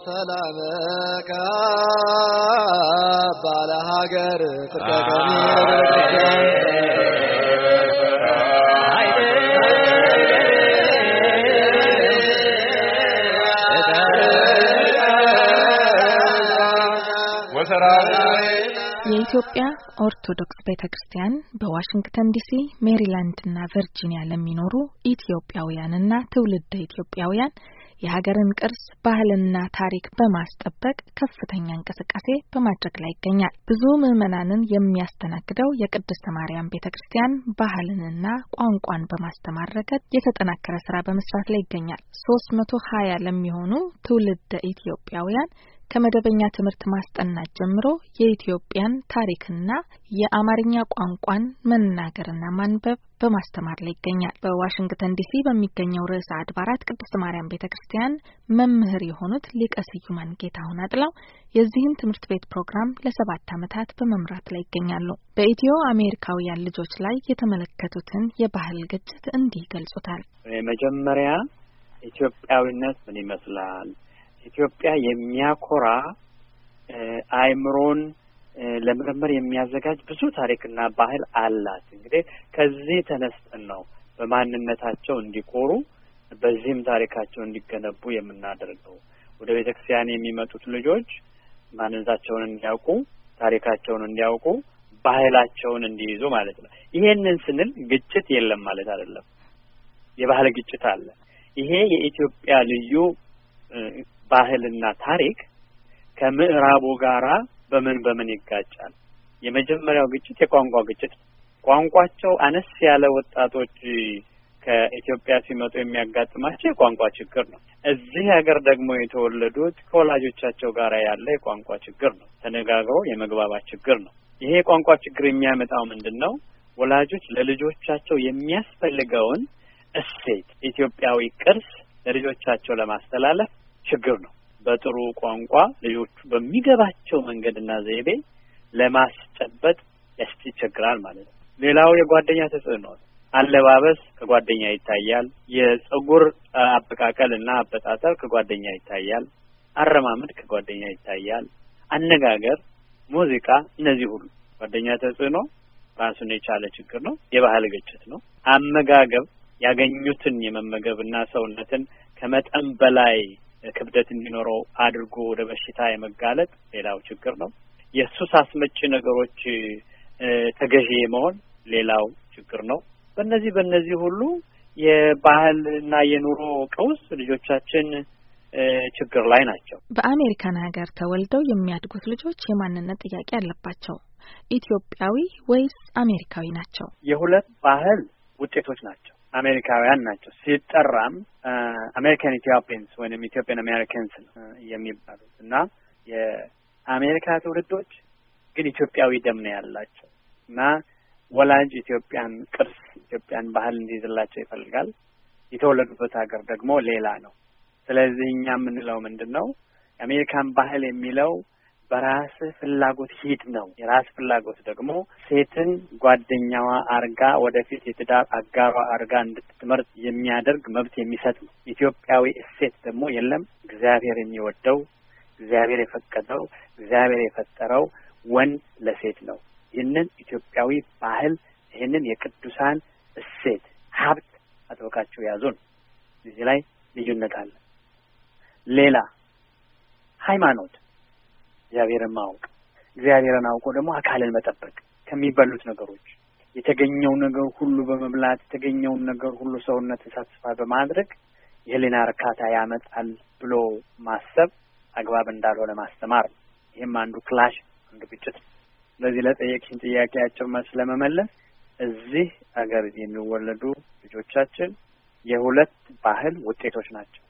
የኢትዮጵያ ኦርቶዶክስ ቤተ ክርስቲያን በዋሽንግተን ዲሲ፣ ሜሪላንድና ቨርጂኒያ ለሚኖሩ ኢትዮጵያውያንና ትውልደ ኢትዮጵያውያን የሀገርን ቅርስ ባህልና ታሪክ በማስጠበቅ ከፍተኛ እንቅስቃሴ በማድረግ ላይ ይገኛል። ብዙ ምዕመናንን የሚያስተናግደው የቅድስተ ማርያም ቤተ ክርስቲያን ባህልንና ቋንቋን በማስተማር ረገድ የተጠናከረ ስራ በመስራት ላይ ይገኛል። ሶስት መቶ ሀያ ለሚሆኑ ትውልደ ኢትዮጵያውያን ከመደበኛ ትምህርት ማስጠናት ጀምሮ የኢትዮጵያን ታሪክና የአማርኛ ቋንቋን መናገርና ማንበብ በማስተማር ላይ ይገኛል። በዋሽንግተን ዲሲ በሚገኘው ርዕሰ አድባራት ቅድስት ማርያም ቤተ ክርስቲያን መምህር የሆኑት ሊቀ ስዩማን ጌታሁን አጥላው የዚህን ትምህርት ቤት ፕሮግራም ለሰባት ዓመታት በመምራት ላይ ይገኛሉ። በኢትዮ አሜሪካውያን ልጆች ላይ የተመለከቱትን የባህል ግጭት እንዲህ ይገልጹታል። መጀመሪያ ኢትዮጵያዊነት ምን ይመስላል ኢትዮጵያ የሚያኮራ አእምሮን ለምርምር የሚያዘጋጅ ብዙ ታሪክና ባህል አላት። እንግዲህ ከዚህ ተነስተን ነው በማንነታቸው እንዲኮሩ በዚህም ታሪካቸው እንዲገነቡ የምናደርገው። ወደ ቤተ ክርስቲያን የሚመጡት ልጆች ማንነታቸውን እንዲያውቁ፣ ታሪካቸውን እንዲያውቁ፣ ባህላቸውን እንዲይዙ ማለት ነው። ይሄንን ስንል ግጭት የለም ማለት አይደለም። የባህል ግጭት አለ። ይሄ የኢትዮጵያ ልዩ ባህልና ታሪክ ከምዕራቡ ጋራ በምን በምን ይጋጫል? የመጀመሪያው ግጭት የቋንቋ ግጭት ቋንቋቸው አነስ ያለ ወጣቶች ከኢትዮጵያ ሲመጡ የሚያጋጥማቸው የቋንቋ ችግር ነው። እዚህ ሀገር ደግሞ የተወለዱት ከወላጆቻቸው ጋር ያለ የቋንቋ ችግር ነው። ተነጋግሮ የመግባባት ችግር ነው። ይሄ የቋንቋ ችግር የሚያመጣው ምንድን ነው? ወላጆች ለልጆቻቸው የሚያስፈልገውን እሴት፣ ኢትዮጵያዊ ቅርስ ለልጆቻቸው ለማስተላለፍ ችግር ነው። በጥሩ ቋንቋ ልጆቹ በሚገባቸው መንገድና ዘይቤ ለማስጨበጥ ያስቸግራል ማለት ነው። ሌላው የጓደኛ ተጽዕኖ አለባበስ ከጓደኛ ይታያል። የጸጉር አበቃቀል እና አበጣጠር ከጓደኛ ይታያል። አረማመድ ከጓደኛ ይታያል። አነጋገር፣ ሙዚቃ፣ እነዚህ ሁሉ ጓደኛ ተጽዕኖ ራሱን የቻለ ችግር ነው። የባህል ግጭት ነው። አመጋገብ ያገኙትን የመመገብና ሰውነትን ከመጠን በላይ ክብደት እንዲኖረው አድርጎ ወደ በሽታ የመጋለጥ ሌላው ችግር ነው። የሱስ አስመጪ ነገሮች ተገዢ የመሆን ሌላው ችግር ነው። በእነዚህ በእነዚህ ሁሉ የባህል ና የኑሮ ቀውስ ልጆቻችን ችግር ላይ ናቸው። በአሜሪካን ሀገር ተወልደው የሚያድጉት ልጆች የማንነት ጥያቄ አለባቸው። ኢትዮጵያዊ ወይስ አሜሪካዊ ናቸው? የሁለት ባህል ውጤቶች ናቸው። አሜሪካውያን ናቸው። ሲጠራም አሜሪካን ኢትዮጵያንስ ወይም ኢትዮጵያን አሜሪካንስ ነው የሚባሉት እና የአሜሪካ ትውልዶች ግን ኢትዮጵያዊ ደም ነው ያላቸው እና ወላጅ ኢትዮጵያን ቅርስ፣ ኢትዮጵያን ባህል እንዲይዝላቸው ይፈልጋል። የተወለዱበት ሀገር ደግሞ ሌላ ነው። ስለዚህ እኛ የምንለው ምንድን ነው? የአሜሪካን ባህል የሚለው በራስ ፍላጎት ሂድ ነው። የራስ ፍላጎት ደግሞ ሴትን ጓደኛዋ አርጋ ወደፊት የትዳር አጋሯ አርጋ እንድትመርጥ የሚያደርግ መብት የሚሰጥ ነው። ኢትዮጵያዊ እሴት ደግሞ የለም። እግዚአብሔር የሚወደው እግዚአብሔር የፈቀደው እግዚአብሔር የፈጠረው ወንድ ለሴት ነው። ይህንን ኢትዮጵያዊ ባህል ይህንን የቅዱሳን እሴት ሀብት አጥብቃችሁ ያዙ ነው። እዚህ ላይ ልዩነት አለ። ሌላ ሃይማኖት እግዚአብሔርን ማወቅ፣ እግዚአብሔርን አውቆ ደግሞ አካልን መጠበቅ ከሚበሉት ነገሮች የተገኘው ነገር ሁሉ በመብላት የተገኘውን ነገር ሁሉ ሰውነት ሳትስፋይ በማድረግ የህሊና እርካታ ያመጣል ብሎ ማሰብ አግባብ እንዳልሆነ ማስተማር ነው። ይህም አንዱ ክላሽ፣ አንዱ ግጭት ነው። ስለዚህ ለጠየቅሽን ጥያቄ አጭር መልስ ለመመለስ እዚህ አገር የሚወለዱ ልጆቻችን የሁለት ባህል ውጤቶች ናቸው።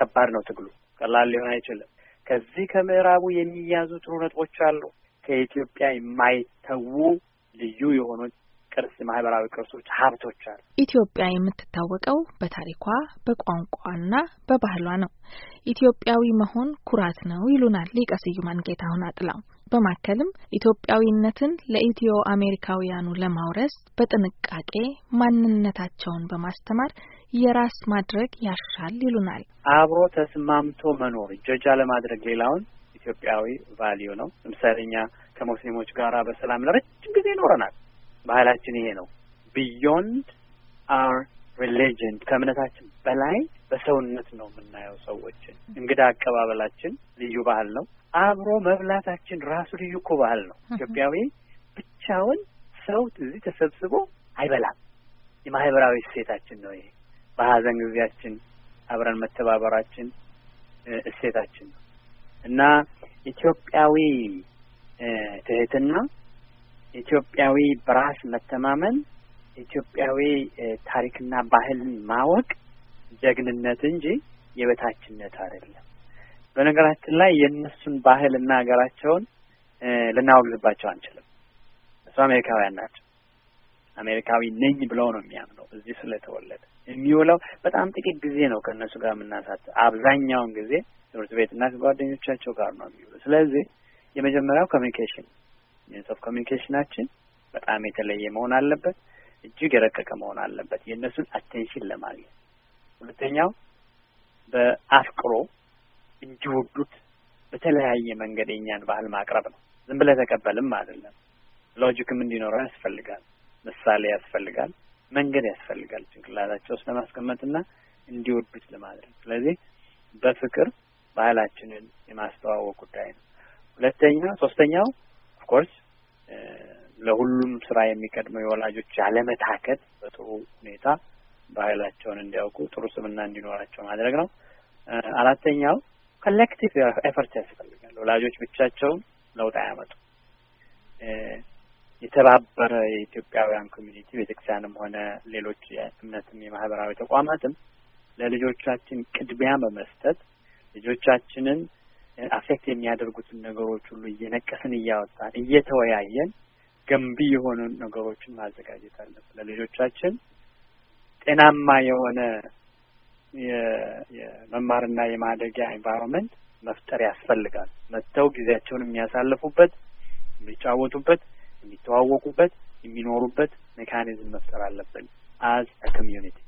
ከባድ ነው ትግሉ፣ ቀላል ሊሆን አይችልም። ከዚህ ከምዕራቡ የሚያዙ ጥሩ ነጥቦች አሉ። ከኢትዮጵያ የማይተዉ ልዩ የሆኑ ቅርስ ማህበራዊ ቅርሶች፣ ሀብቶች አሉ። ኢትዮጵያ የምትታወቀው በታሪኳ በቋንቋና በባህሏ ነው። ኢትዮጵያዊ መሆን ኩራት ነው ይሉናል ሊቀ ስዩማን ጌታሁን አጥላው። በማከልም ኢትዮጵያዊነትን ለኢትዮ አሜሪካውያኑ ለማውረስ በጥንቃቄ ማንነታቸውን በማስተማር የራስ ማድረግ ያሻል ይሉናል። አብሮ ተስማምቶ መኖር ጀጃ ለማድረግ ሌላውን ኢትዮጵያዊ ቫሊዩ ነው። ለምሳሌ እኛ ከሙስሊሞች ጋር በሰላም ለረጅም ጊዜ ይኖረናል። ባህላችን ይሄ ነው። ቢዮንድ አር ሪሊጅን ከእምነታችን በላይ በሰውነት ነው የምናየው ሰዎችን። እንግዳ አቀባበላችን ልዩ ባህል ነው። አብሮ መብላታችን ራሱ ልዩ እኮ ባህል ነው። ኢትዮጵያዊ ብቻውን ሰው እዚህ ተሰብስቦ አይበላም። የማህበራዊ እሴታችን ነው ይሄ። በሀዘን ጊዜያችን አብረን መተባበራችን እሴታችን ነው እና ኢትዮጵያዊ ትህትና፣ ኢትዮጵያዊ በራስ መተማመን፣ ኢትዮጵያዊ ታሪክና ባህልን ማወቅ ጀግንነት እንጂ የበታችነት አይደለም። በነገራችን ላይ የእነሱን እና ሀገራቸውን ልናወግዝባቸው አንችልም። እሱ አሜሪካውያን ናቸው። አሜሪካዊ ነኝ ብለው ነው የሚያምነው። እዚህ ስለተወለደ የሚውለው በጣም ጥቂት ጊዜ ነው ከእነሱ ጋር የምናሳት። አብዛኛውን ጊዜ ትምህርት ቤትና ከጓደኞቻቸው ጋር ነው የሚውለው። ስለዚህ የመጀመሪያው ኮሚኒኬሽን ሚንስ ኦፍ ኮሚኒኬሽናችን በጣም የተለየ መሆን አለበት። እጅግ የረቀቀ መሆን አለበት የእነሱን አቴንሽን ለማግኘት። ሁለተኛው በአፍቅሮ እንዲወዱት በተለያየ መንገድ የእኛን ባህል ማቅረብ ነው። ዝም ብለህ ተቀበልም አይደለም። ሎጂክም እንዲኖረው ያስፈልጋል። ምሳሌ ያስፈልጋል። መንገድ ያስፈልጋል። ጭንቅላታቸው ውስጥ ለማስቀመጥና እንዲወዱት ለማድረግ። ስለዚህ በፍቅር ባህላችንን የማስተዋወቅ ጉዳይ ነው። ሁለተኛ ሶስተኛው ኦፍኮርስ ለሁሉም ስራ የሚቀድመው የወላጆች ያለመታከት በጥሩ ሁኔታ ባህላቸውን እንዲያውቁ ጥሩ ስምና እንዲኖራቸው ማድረግ ነው። አራተኛው ኮሌክቲቭ ኤፈርት ያስፈልጋል። ወላጆች ብቻቸውን ለውጥ አያመጡ። የተባበረ የኢትዮጵያውያን ኮሚኒቲ ቤተክርስቲያንም ሆነ ሌሎች የእምነትም የማህበራዊ ተቋማትም ለልጆቻችን ቅድሚያ በመስጠት ልጆቻችንን አፌክት የሚያደርጉትን ነገሮች ሁሉ እየነቀስን እያወጣን እየተወያየን ገንቢ የሆኑ ነገሮችን ማዘጋጀት አለብን። ለልጆቻችን ጤናማ የሆነ የመማርና የማደጊያ ኤንቫይሮንመንት መፍጠር ያስፈልጋል። መጥተው ጊዜያቸውን የሚያሳልፉበት፣ የሚጫወቱበት፣ የሚተዋወቁበት፣ የሚኖሩበት ሜካኒዝም መፍጠር አለብን አዝ ኮሚዩኒቲ